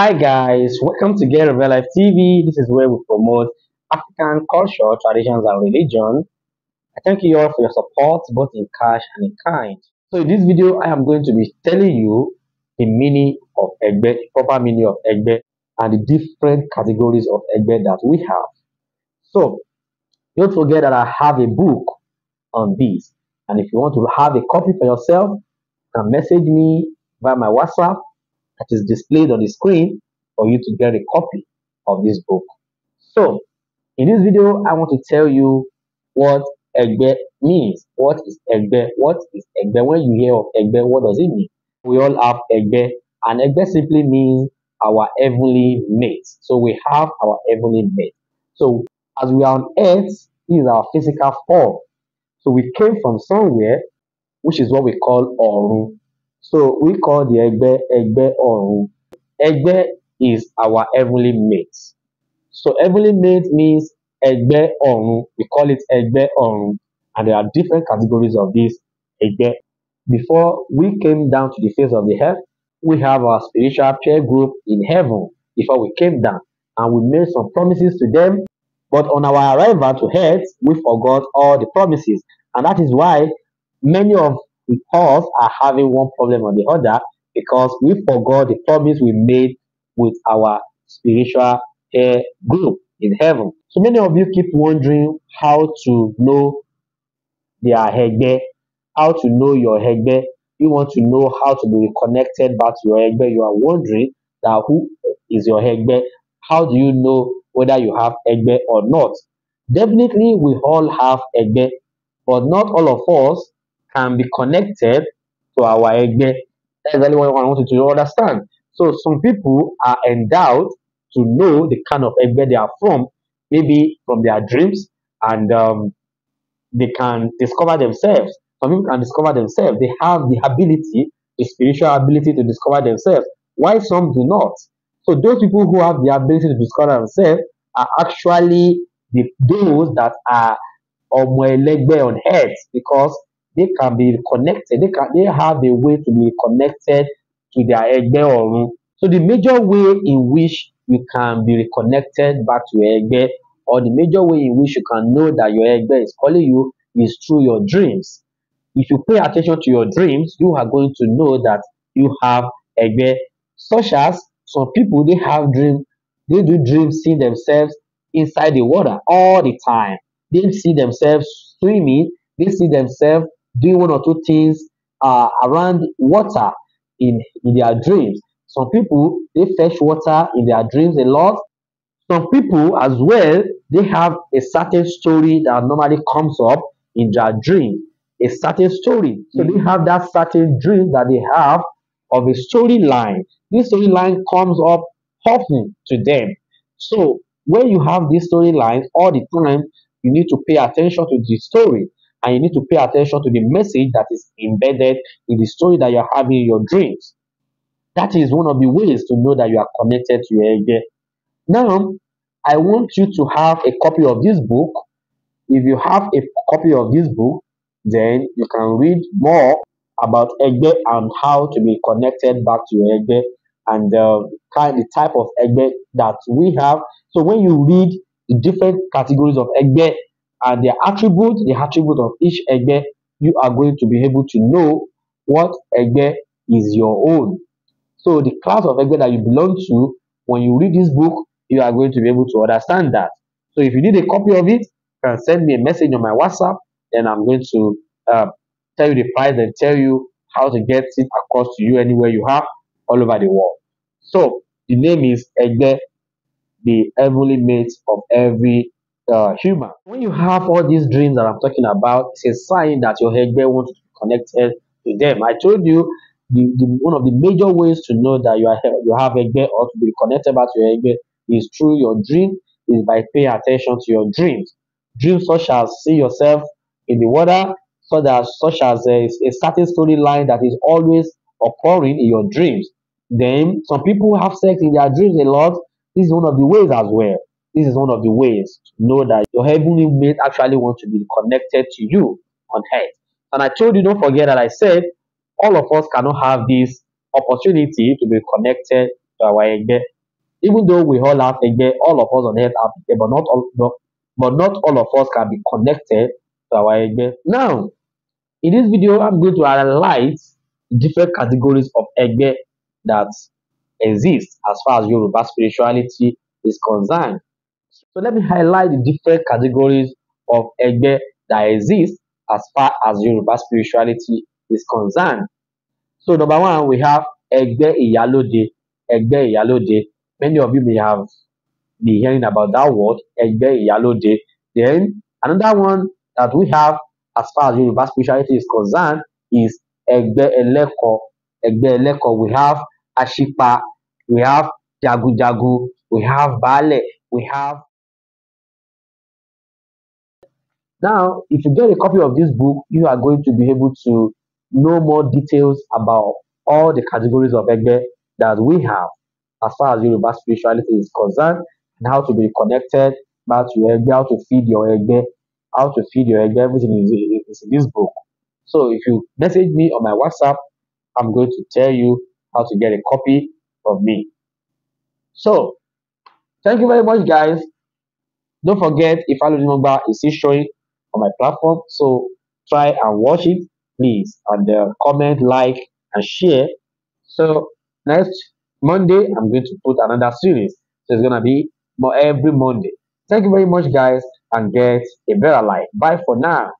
Hi guys, welcome to Get Real Life TV. This is where we promote African culture, traditions, and religion. I thank you all for your support, both in cash and in kind. So in this video, I am going to be telling you the meaning of Egbe, the proper meaning of Egbe, and the different categories of Egbe that we have. So don't forget that I have a book on this, and if you want to have a copy for yourself, you can message me via my WhatsApp that is displayed on the screen for you to get a copy of this book. So, in this video, I want to tell you what Egbe means. What is Egbe? What is Egbe? When you hear of Egbe, what does it mean? We all have Egbe, and Egbe simply means our heavenly mate. So we have our heavenly mate. So as we are on earth, this is our physical form. So we came from somewhere, which is what we call Orun. So we call the Egbe Egbe egg Egbe is our heavenly mate. So heavenly mate means Egbe on. We call it Egbe on, And there are different categories of this Egbe. Before we came down to the face of the earth, we have our spiritual chair group in heaven before we came down. And we made some promises to them. But on our arrival to earth, we forgot all the promises. And that is why many of because are having one problem or the other because we forgot the promise we made with our spiritual uh, group in heaven. So many of you keep wondering how to know their hegbe, how to know your hegbe. You want to know how to be connected back to your hegbe. You are wondering that who is your hegbe? How do you know whether you have hegbe or not? Definitely, we all have hegbe, but not all of us can be connected to our egbe. That's only what I want you to understand. So some people are endowed to know the kind of egbe they are from, maybe from their dreams, and um, they can discover themselves. Some people can discover themselves. They have the ability, the spiritual ability to discover themselves. Why some do not? So those people who have the ability to discover themselves are actually the, those that are on my omoelegbe on earth because they can be connected. They can they have a way to be connected to their Egbe So the major way in which you can be reconnected back to your Egbe, or the major way in which you can know that your Egbe is calling you is through your dreams. If you pay attention to your dreams, you are going to know that you have Egbe. Such as some people, they have dreams, they do dream seeing themselves inside the water all the time. They see themselves swimming, they see themselves doing one or two things uh, around water in, in their dreams. Some people, they fetch water in their dreams a lot. Some people as well, they have a certain story that normally comes up in their dream, a certain story. So they mm-hmm. have that certain dream that they have of a storyline. This storyline comes up often to them. So when you have this storyline all the time, you need to pay attention to the story and you need to pay attention to the message that is embedded in the story that you're having in your dreams. That is one of the ways to know that you are connected to your idea. Now, I want you to have a copy of this book. If you have a copy of this book, then you can read more about Egbe and how to be connected back to your Egbe and uh, kind the type of Egbe that we have. So when you read the different categories of Egbe and the attribute, the attribute of each egbe, you are going to be able to know what egbe is your own. So the class of egbe that you belong to, when you read this book, you are going to be able to understand that. So if you need a copy of it, you can send me a message on my WhatsApp, and I'm going to uh, tell you the price and tell you how to get it across to you anywhere you have, all over the world. So the name is Egbe, the heavenly mate of every uh, human. When you have all these dreams that I'm talking about, it's a sign that your bear wants to be connected to them. I told you the, the, one of the major ways to know that you are you have or to be connected back to your headband is through your dream is by paying attention to your dreams. Dreams such as see yourself in the water, so that, such as a, a certain storyline that is always occurring in your dreams. Then some people have sex in their dreams a lot. This is one of the ways as well. This is one of the ways to know that your heavenly mate actually wants to be connected to you on earth. And I told you, don't forget that I said all of us cannot have this opportunity to be connected to our Egbe. Even though we all have ege, all of us on earth have ege, but not all, but not all of us can be connected to our Egbe. Now, in this video, I'm going to analyze different categories of ege that exist as far as Yoruba spirituality is concerned. So let me highlight the different categories of Egbe that exist as far as Yoruba spirituality is concerned. So number one, we have Egbe Iyalode. Egbe Iyalode. Many of you may have been hearing about that word, Egbe Iyalode. Then another one that we have as far as Yoruba spirituality is concerned is Egbe Eleko. Egbe Eleko. We have Ashipa. We have jagu jagu, We have Bale. We have Now, if you get a copy of this book, you are going to be able to know more details about all the categories of Egbe that we have as far as Yoruba spirituality is concerned and how to be connected about your Egbe, how to feed your Egbe, how to feed your Egbe, everything is, in this book. So if you message me on my WhatsApp, I'm going to tell you how to get a copy of me. So, thank you very much, guys. Don't forget, if I remember, it's still showing on my platform. So try and watch it, please, and uh, comment, like, and share. So next Monday, I'm going to put another series. So it's gonna be more every Monday. Thank you very much, guys, and get a better life. Bye for now.